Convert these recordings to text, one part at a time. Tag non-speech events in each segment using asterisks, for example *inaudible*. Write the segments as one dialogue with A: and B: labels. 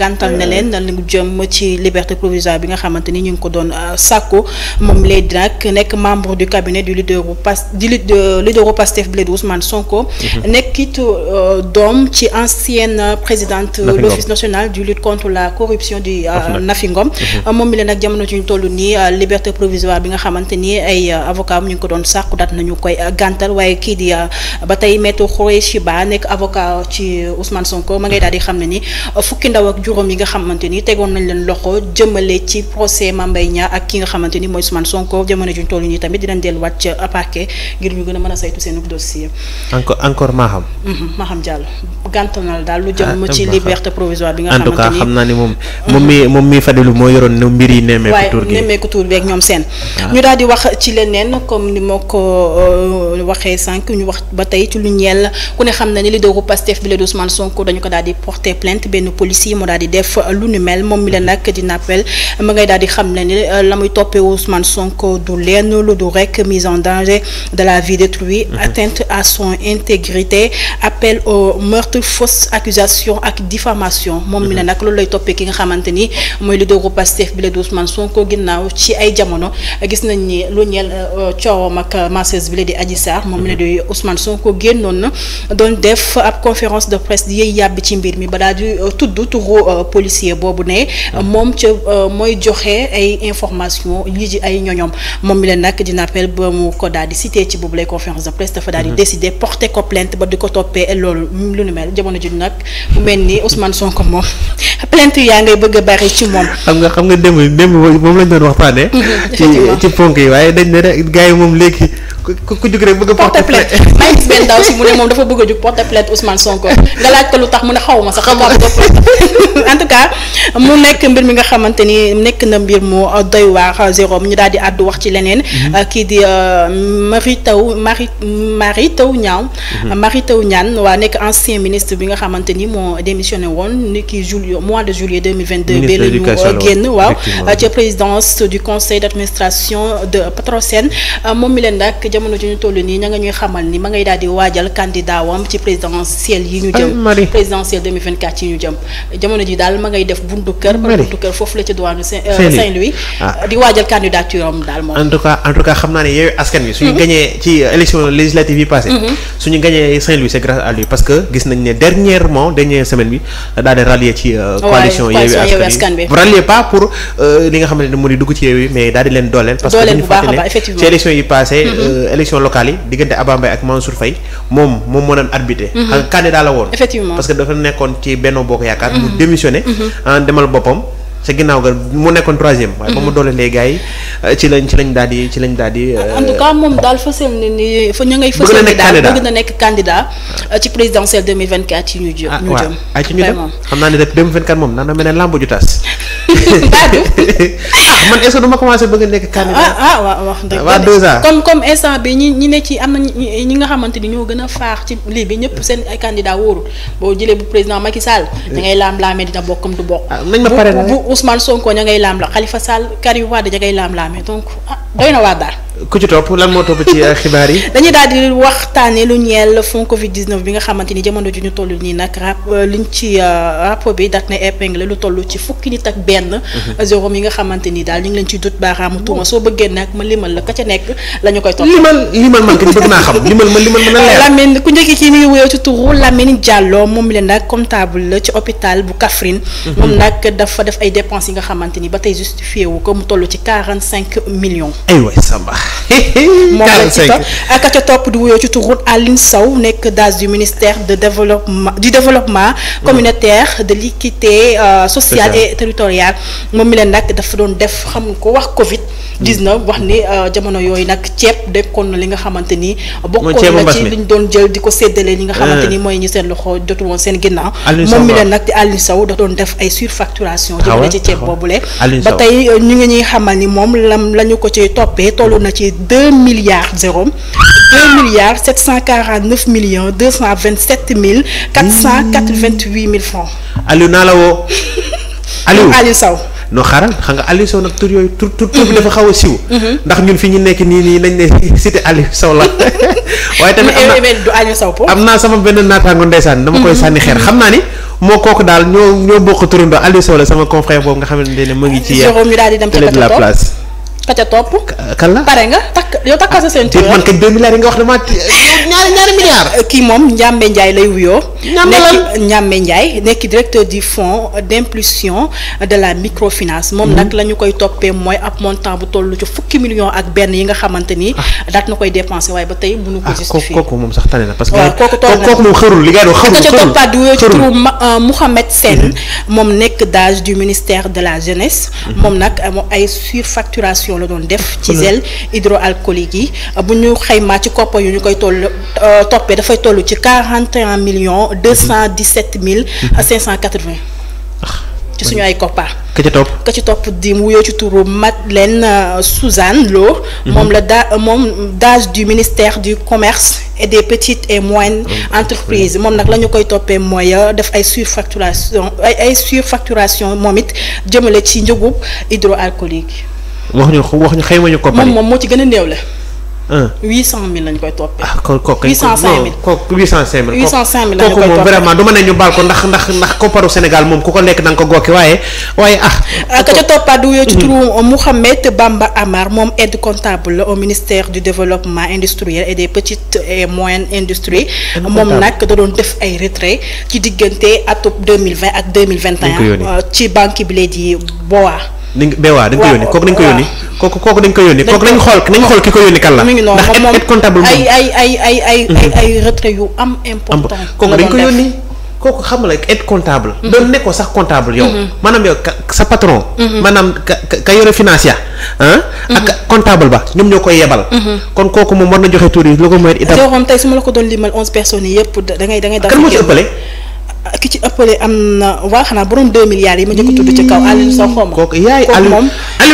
A: gàntal na leen lu jëm ci liberté provisoire bi nga xamante ni ñu ngi ko doon euh, sàkku moom Lady nag nekk membre du cabinet du leaderu pas du leaderu Pastef bi Lady Ousmane mhm. euh, ci ancienne présidente l'office national du lutte la corruption du euh, mhm. moom mi leen nag jamono ci ñu toll nii liberté provisoire bi nga xamante ni ay avocat ñu ngi ko doon sàkku daat nañu koy gàntal waaye kii di ba tey maître Khoureyssi Ba nekk avocat ci Ousmane Sonko ma ngay mhm. daal di xam ne ni fukki ndaw ak juróom yi nga xamante ni tegoon nañ leen loxo jëmale ci procès Mame Mbaye Niang ak ki nga xamante ni mooy Ousmane Sonko jamono juñ toll nii tamit dinañ delluwaat ca parquet ngir ñu gën a mën a saytu seen dossier.
B: encore encore Maham.
A: Mhm, Maham Diallo gàntal na daal lu jëm ah, ci liberté provisoire bi nga xamante
B: moom. Mhm. moom mi moom mi moo yoroon ne mbir yi nemmeeku
A: tur gi waaye ñoom seen. Ah. ñu daal di wax ci leneen comme ni ma ko euh, waxee sànq ñu wax ba tey ci lu ñeel daal di def lu nu mel moom mi la nag di nappel ma ngay daal di xam ne ni euh, la muy toppee Ousmane Sonko du lenn lu du rek mise en danger de la vie d'autrui mhm. atteinte à son intégrité appel au meurtre fausse accusation ak diffamation moom mi la mhm. nag loolu lay toppee ki nga xamante ni mooy leaderu Pastef bi la di Ousmane Sonko ginnaaw ci ay jamono gis nañ ni lu ñeel euh, coowam ak masseuse bi la di Adji moom mi la mhm. di Ousmane Sonko génnoon na doon def ab conférence de presse di yëy ci mbir mi Euh, policier boobu ne moom ca euh, mooy joxe ay information lii ji ay ñoñom moom mi leen nag dina appel ba mu ko daal di cité ci boobu lay conférence de presse dafa daal di mhm. décider porter ko plainte ba di ko toppee loolu lu nu mel jamono ji nag mu mel ni Ousmane Sonko moom *laughs* plainte yaa ngay bëgg a bari ci moom.
B: xam nga xam nga démb démb moom lañ doon waxtaanee. *laughs* ci ponk yi waaye dañ ne rek gars moom léegi. ku ku jug rek
A: bëgg a porter plainte may gis benn daaw si mu ne moom dafa bëgg a jug porter plainte Ousmane Sonko nga laaj tax mu ne xaw sax mu nekk mbir mi nga xamante ni nekk na mbir mu doy waar Jérôme ñu daal di àddu wax ci leneen mhm. euh, kii di euh, Marie Taw Marie Marie Taw Niang mhm. Marie Taw ñaan waa nekk ancien ministre bi nga xamante ni moo démissionné woon ni ki juillet mois de juillet 2022 bi la euh, génn waaw ci présidence du conseil d'administration de Petrosen moom mi jamono ji ñu toll nii ña nga ñuy xamal ni ma ngay daal waajal candidat ci présidentielle yi ñu jëm jamono ji daal ma ngay def buntu kër buntu kër foofu la ci diwaanu euh, Saint-Louis ah. di waajal candidature daal moom en
B: tout cas en tout cas xam naa ne yooyu askan wi suñu mhm. gañee ci élection législative yi passé mhm. suñu gañee Saint-Louis c'est grâce à lui parce que gis nañ ne dernièrement dernière semaine bi daal di rallier ci euh, coalition Yewwi Askan Euh, élection locale yi diggante Abba ak Mansour Faye moom moom moo doon arbitré. xam mhm. candidat la woon. parce que dafa nekkoon ci Benno Bokk Yaakaar. mu mhm. démissionné. Mhm. Ah, demal boppam. sa ginnaaw ga mu nekkoon troisième. waaye ba mu doolelee gars yi euh, ci lañ ci lañ daal ci lañ daal di. Euh,
A: moom daal fësal ni fa ñu ngay. fësal ni daal bëgg na nekk candidat ci présidentielle 2024 ñu jëm. Ah, ñu ay ci ñu dem
B: xam naa ne nag 2024 moom naan na mel ju tas. *laughs* ah man est-ce que duma bëgg a nekk candidat.
A: ah, ah wax dëgg waa deux ans comme comme instant bi ñi ñi ne ci am na ñi nga xamante ni ñoo gën a faax ci lii bi ñëpp seen ay candidat wóorul boo jëlee bu président Macky Sall. da ngay laam-laamee dina bokkam du bokk. Ah, nañ ma pare bu Ousmane Sonko ña ngay laam la Khalifa Sall Karim Wade ña ngay laam-laamee donc ah doy na waa daal.
B: ku ci topp lan moo topp euh,
A: *laughs* ni jamono ju ñu toll nii nag yi euh, euh, mm-hmm. nga xamante ni daal leen nag la ka ca nekk la ñu koy topp. limal limal man kañ bëgg naa xam limal ma limal ma na leer. *laughs* Lamine ku njëkk ci mi ngi wuyoo comptable la ci hôpital bu Kaffrine. Mm-hmm. moom nag dafa def ay dépenses yi nga xamante ni ba tey justifié wu ko mu toll ci quarante cinq millions.
B: aywa Samba. *laughs* moom lañ ci topp
A: ak ca topp di wuyoo ci turu Aline Sow nekk de développement du développement communautaire de l'équité euh, sociale moom leen nag dafa doon def xam ko wax Covid 19 hmm. wax ni euh, jamono yooyu nag ceeb dekkoon na li nga xamante ni bokkoon na ci doon jël di ko séddale ñi nga xamante ni hmm. mooy ñi seen loxo jotul woon seen ginnaaw moom mi leen nag di Aline Sow da doon def ay surfacturation ah jëmale ci ceeb ah boobule ba tey euh, ñu ngi ñuy xamal ni moom lam la ñu ko ci toppee tollu na ci ci deux milliards zéro cent quarante neuf millions deux cent vingt sept mille quatre cent quatre vingt huit mille francs.
B: Aliou naa la woo. *laughs* Aliou Aliou Sow. noo xaaral xam nga Aliou Sow nag tur yooyu tur tur tur bi dafa xaw a siiw. Mhm. ndax ñun fi ñu nekk nii nii nañ ne *laughs* cité Aliou Sow la. *laughs* waaye tamit am naa sama benn naataango ndeysaan dama koy mhm. sànni xeer xam naa ni moo kooku daal ñoo ñoo bokk turandoo Aliou Sow la sama confrère boobu nga xamante ne mu ngi ci. télé de la place ka ca topp. kan la pare
A: nga takk yow takkal sa ceinture. man nga wax dama ñaari eh, kii moom Ndiambe Ndiaye lay wuyoo. Ndiambe lan Ndiambe Ndiaye nekk directeur du fonds d'impulsion de la microfinance. moom nag mm-hmm. la ñu koy toppee mooy ab montant bu toll ci fukki millions ak benn yi nga xamante ni. Ah. daat na koy dépensé waaye ba tey mënu ko ah,
B: justifier kooku moom sax tane parce que. waaw kooku toll na kooku moom xërul li euh,
A: mm-hmm. moom nekk DAGE du ministère de la jeunesse. Mm-hmm. moom nag euh, ay surfacturation. formation la doon def. ci gel hydroalcoolique yi bu ñu xaymaa ci koppa yu ñu koy toll euh, toppee dafay toll ci quarante et million millions cent dix sept mille mhm. cinq cent quatre vingt ah, ci suñu ay koppa ka ci topp ka ci topp di mu wuyoo ci turu Madeleine euh, Suzanne Lo. Mhm. moom la da moom DAGE du ministère du commerce et des petites et moyennes oh, entreprise moom nag la ñu koy toppee mooy euh, def ay surfacturation ay ay surfacturation moom it jëmale ci njëgub hydroalcoolique.
B: wax ñu wax ñu xayma ñu ko. moom moom
A: moo ci gën a néew la. un huit cent mille lañ koy toppee. ah
B: kon kooku huit cent cinq mille kooku huit cent cinq mille. huit cent
A: cinq mille lañ koy toppee kooku moom vraiment du
B: ma ne ñu baal ko ndax ndax ndax kopparu Sénégal moom ku ko lekk da nga ko gokki waaye waaye ah. ah. ka ca toppaat du wuyoo ci mm-hmm. turu Mouhamed Bamba Amar moom aide
A: comptable la au ministère du développement industriel et des petites et moyennes industries. moom nag da doon def ay retrait ci diggante atub deux mille vingt ak deux mille vingt et un. Euh, ci banque bi lee di BOA.
B: dañ beewaa dañ ko yónni kooku dañ ko yónni kooku kooku dañ ko yónni kooku dañ xool nañ xool ki ko yónni kan ko moom war na joxe tur yi lu ko mooy itam
A: tey su ma la ko doon limal onze personnes yi yëpp da ngay moo ci ëppale ki ci ëppale am na waa xanaa borom 2 milliards yi ma njëkk a tudd ci kaw Aliou Sow xaw ma. kooku yaay Aliou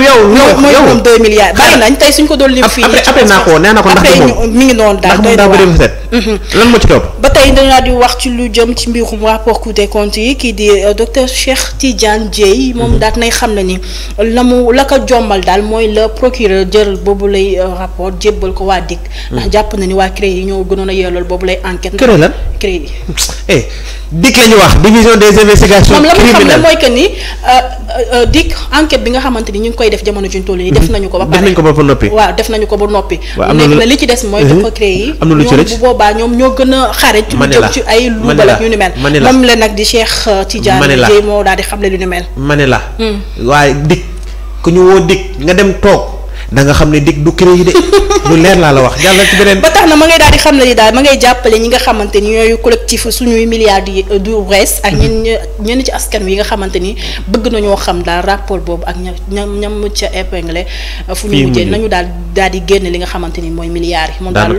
A: yow. yow mooy borom milliards. bari tey suñ ko doon lim fii. après après naa ko nee na ko ndax du moom mi ngi noonu
B: mhm.
A: ba tey dañu di wax ci lu jëm ci mbirum rapport Cour des comptes yi kii di euh, docteur Cheikh Tidiane Dieye mhm. moom daat nay xam na ni la mu la ko jommal daal mooy la procureur jël boobu lay euh, rapport jébbal ko waa DIC. Mhm. ndax jàpp na ni waa CREI yi ñoo gënoon a yelloo boobu lay enquête. CREI lan CREI.
B: Eh, DIC la ñu wax division des investigations criminelles la mooy
A: que ni euh, euh, euh, DIC enquête bi nga xamante ni ñu ngi koy def jamono juñ toll nii def nañu ko ba pare def nañu ko ba noppi waaw def nañu ko ba noppi nekk na mhm. na lu ci rëcc bu boobaa moom la nag di Cheikh Tidiane Dièye moo daal di xamle lu ni mel
B: ma la hmm. waaye DIC ku ñu woo DIC nga dem toog da nga xam ne dig du créé de lu leer laa la wax jàllal ci beneen. ba tax na ma ngay daal di xam ne ni daal ma ngay jàppale ñi nga xamante
A: ni ñooy collectif suñuy milliards du rees ak ñenn ñenn ci askan wi nga xamante ni bëgg nañoo xam daal rapport boobu ak ña ñam ñam ca épinglé. fu ñu nañu daal daal di génn li nga xamante ni mooy milliards yi. moom daal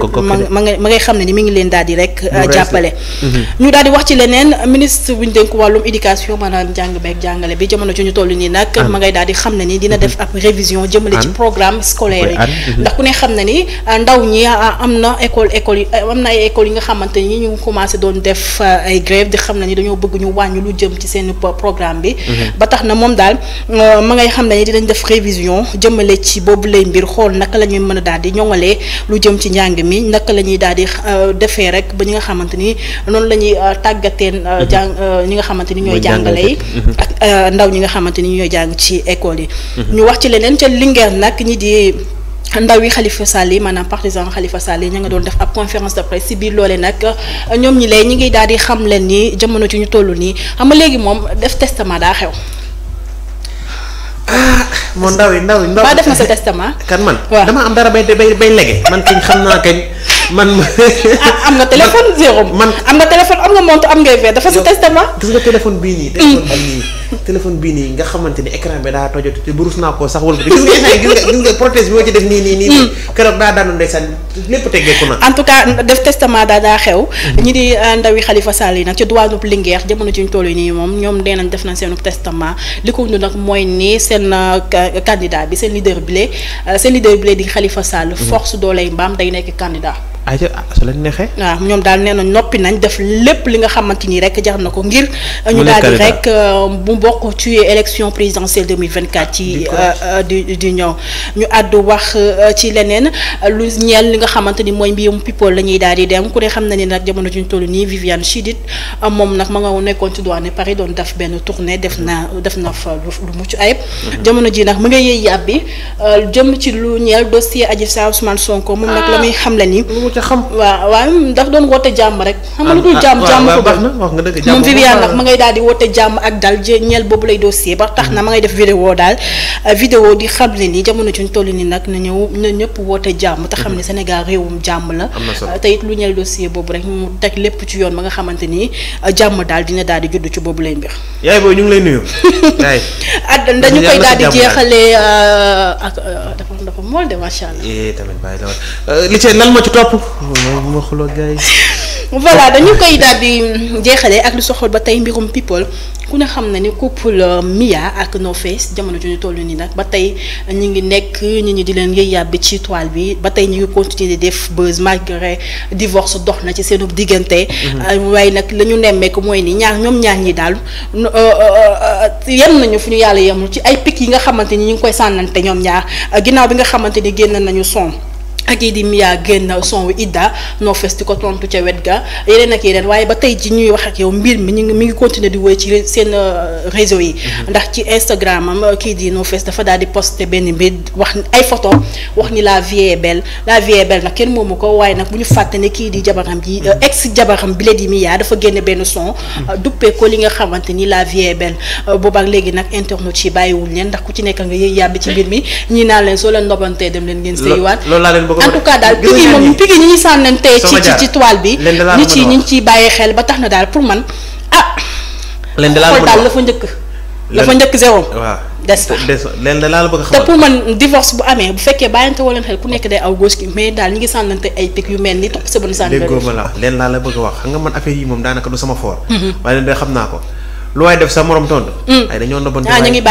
A: ma ma ngay xam ne ni mi ngi leen daal di rek. Euh, jàppale. Mhm. ñu daal di wax ci leneen ministre bu ñu dénk wàllum éducation maanaam njàng meeg jàngale bi jamono ju ñu toll nii nag ma ngay daal di xam ne nii dina def ab révision jëmale ci programme programme scolaire
B: yi ndax
A: ku ne xam na ni euh, ndaw ñi euh, am na école école yi euh, am na ay écoles yi nga xamante ni ñu commencé doon def ay xam na ni dañoo bëgg ñu wàññi lu jëm ci seen programme bi mhm. ba tax na moom daal ma ngay xam ne ni dinañ def révision jëmale ci boobu lay mbir xool naka la ñuy mën a daal di ñoŋalee lu jëm ci njàng mi naka la ñuy daal di defee rek ba ñi nga xamante ni noonu la ñuy tàggateen mhm. jàng ñi nga xamante ni ñooy jàngale yi mhm. ndaw ñi nga xamante ni ñooy jàng ci école yi ñu wax ci leneen ca Linguère nag ñi di ci ndaw yi Khalifa Sall yi maanaam partisan Khalifa Sall yi ña nga doon def ab conférence de presse si biir loolee nag ñoom ñi lay ñi ngi daal di xam leen ni jamono ci ñu toll nii xam ma léegi moom def testament daa xew.
B: Ah, moo ndaw yi ndaw yi. ndaw def na sa testament. kan man. dama am dara bay bay lege man kañ xam naa kañ. man ah, am nga téléphone *laughs* man am nga téléphone am nga montre am ngay verre dafa si testament. gis nga mm. téléphone bii nii. téléphone bii nii nga xamante ni écran bi daa tojjatu te burus naa koo sax wala gis nga gis def nii nii nii. Mm. keroog daa daanu ndeysaan lépp teggeeku na. en
A: tout cas def testament daa daa xew. Mm-hmm. ñi di euh, ndawi xalifa Sall yi nag ci douane bu Linguère jamono ci ñu toll nii moom ñoom dee nañ def na seen testament li ko wund nag mooy ni seen euh, candidat bi seen leader bi euh, seen leader bi di Khalifa Sall mm-hmm. force doo lay mbaam day nekk candidat
B: ayca ah, su leen neexee.
A: waaw ñoom daal nee noppi nañ def lépp li nga xamante ni rek jar na ko ngir. ñu daal di rek euh, bu bokk ci élection présidentielle 2024. ci euh, euh, di di ñëw ñu àddu wax ci leneen lu ñeel li nga xamante ni mooy mbirum people la ñuy daal di dem ku ne na ni nag jamono juñ toll nii Viviane Chidid moom nag ma nga nekkoon ci douane Paris doon def benn tournée def na def na fa lu mhm. ji nag mu nga yëy yàbbi jëm ci lu ñeel dossier Adji Sarr Ousmane Sonko moom nag la ah. muy xamle ni. ko ca xam. waaw waaye daf doon woote jàmm rek. xam nga lu jàmm ah, ko baax
B: moom Viviane nag ma ngay
A: daal di woote jàmm ak dal je ñeel boobu lay dossier tax na mm-hmm. ma ngay def vidéo daal euh, vidéo di xam ne ni jamono juñ toll ni nag na ñëw na ñëpp woote jàmm te xam ne mm-hmm. Sénégal réewum jàmm la te it lu ñeel dossier boobu rek mu teg lépp ci yoon ba nga xamante ni euh, jàmm daal dina daal di judd ci boobu lay mbir
B: yaay booy ñu ngi lay nuyu at *laughs* dañu koy daal di jeexalee
A: euh, ak dafa dafa mool de macha
B: allah eh, li moo ci topp ma xuloo gars yi voilà dañu koy daal
A: di ak lu soxal ba tey mbirum people ku ne xam na ni couple euh, Mia ak No jamono ju ñu toll nii nag ba tey ñu ngi nekk nit ñi di leen yëy yàbbi ci toile bi ba tey ñu ngi continuer di def buzz malgré divorce dox na ci seenu diggante. Mhm. Euh, waaye nag lañu ñu mooy ni ñaar ñoom ñaar ñi daal euh, yem nañu fu ñu yàlla yemul ci ay pic yi nga xamante ni ñu ngi koy sànnante ñoom ñaar ginnaaw bi nga xamante ni génn nañu son ak yi di Mia génn son Ida noo fes di ko tontu ca wet ga yeneen ak waaye ba tey ji ñuy wax mbir mi ñu ngi mi ngi continuer di wéy ci seen euh, réseau yi mhm. ndax ci Instagram euh, kii di noo fes dafa daal di posté benn mbir wax ay wax ni la vie est la vie nag kenn moomu ko waaye nag bu ñu fàtte ne kii di jabaram ji mhm. euh, ex jabaram bi la di Mia dafa génn benn son mhm. duppee li nga xamante ni la vie est belle boobaak léegi nag internet yi bàyyiwul leen ndax ku ci nekk nga yëy yàbbi ci eh. mbir mi ñii naa leen soo leen ndobantee dem leen ngeen sëywaat en tout cas daal pigi moom pigi ñi ñu sànnantee ci ci ci
B: toile bi nit ñu ngi
A: ciy bàyyi xel ba tax na daal pour man ah
B: leen xool daal la fa njëkk la fa njëkk zéro des na la bëgg xam te pour
A: man divorce bu amee bu fekkee bàyyante woo leen xel ku nekk day aw gauche ki mais daal ñi ngi sànnante ay pig yu mel ni topp sa bën sànni déggoo la
B: leen laa la a wax xam nga man affaire yi moom daanaka du sama foor mhm. waaye leen da xam naa ko lu waay def sa morom tontu. Mm. ay dañoo nobante waaye ah, ñu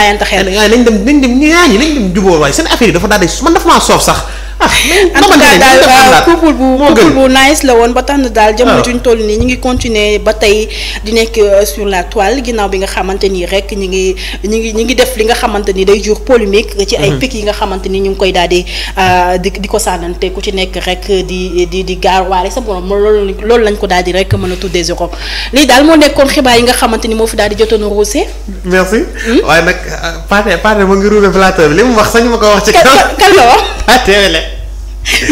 B: waaye seen affaire yi dafa daal di man dafa maa soof sax. ah euh, daal
A: couple bu couple bu nice la woon ba tax na daal jamono ah. juñ toll nii ñu ngi continuer ba tey di nekk euh, sur la toile ginnaaw bi nga xamante nii rek ñu ngi ñu ngi ñu ngi def li nga xamante ni day jur polémique ci ay mhm. pic yi nga xamante ni ñu ngi koy daal euh, di di ko sànnante ku ci nekk rek di di di gaarwaale sa borom loolu loolu lañ ko daal di rek mën a tuddee Europe lii daal moo nekkoon xibaar yi nga xamante ni moo fi daal di jotoon ruusee
B: merci hmm? waaye nag Pathé Pathé li mu wax sañ ko wax ci kaw Pathé Wele.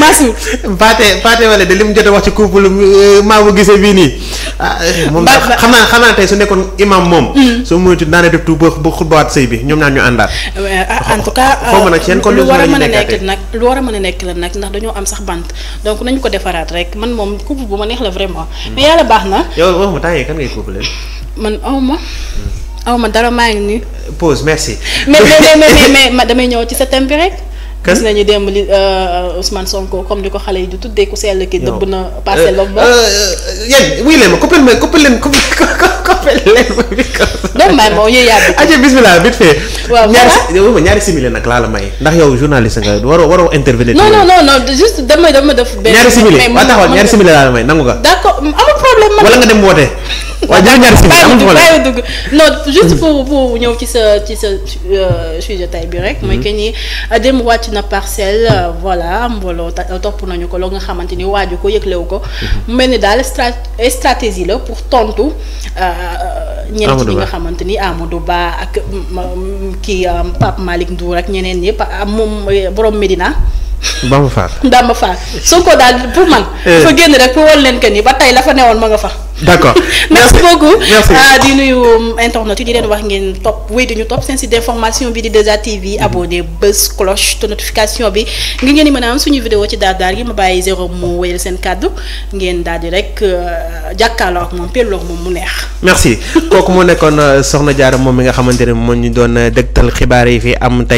B: Massour. Pathé Pathé Wele de li mu jot wax ci la couple euh, Mamour Guissé bii nii. Ah, moom xam naa xam naa tey su nekkoon imam moom. su mu moytu daanaka def tuub ba xutbawaat sëy bi ñoom ñaan ñu àndaat.
A: Euh, en tout cas xaw ma nag seen euh, condition la ñu nekkaatee lu war a mën a nekk la nag ndax dañoo am sax bant donc nañu ko defaraat rek man moom couple bu ma neex la vraiment. Mm. mais yàlla baax na.
B: yow waxuma temps yii kan ngay couple
A: man aw ma. aw ma dara maa ngi nii. pause merci. mais mais mais mais *laughs* damay ñëw ci sa thème bi rek. gis nañu démb li euh, Ousmane Sonko comme di ko xale yi di tuddee ku sell ki dëbb na euh, parcelle ba ba euh,
B: yéen wuy leen ma coppil ma coppil leen coppil *laughs* bi ko doom maay moom ñuy yàbbi aja bismillah vite fait waaw ñaari ñaari simili nag laa la may ndax yow journaliste nga waroo waroo intervenir non non non
A: non juste dama dama def benn ñaari simili waaw taxawal ñaari simili
B: laa la may nangu nga
A: d'accord amul problème man wala nga dem woote
B: waaw jërëjëf bàyyi
A: dugg non juste pour pour ñëw ci sa ci sa euh, sujet tay bi rek. mooy mm-hmm. que ni dem wàcc na parcelle euh, voilà mbooloo topp nañu ko loo nga xamante ni waaju ko yëglewu ko. Mm-hmm. mu mel ni daal stratégie la pour tontu. Euh, ñeneen ñi nga xamante ni Amadou Ba ak mm, mm, kii Pape Malick Ndour ak ñeneen am ah, moom borom Medina. Bamba Fall Bamba Fall Sonko daal pour man. Eh. dafa génn rek pour wol leen que ni ba tey la fa newoon ma nga fa. d'accord *laughs* merci beaucoup merci ah, di nuyu um, internet yi di leen wax ngeen topp wéy di ñu topp seen site d'information bi di 2A TV abonné bés cloche te notification bi ngir ngeen di mën a am suñu vidéo ci daar daar gi ma bàyyi zéro mu wéyal seen kàddu ngeen daal di rek euh, jàkkaarloo ak moom pelloog moom mu neex.
B: merci *laughs* kooku mu nekkoon euh, Soxna Diarra moom mi nga xamante ne moo ñu doon euh,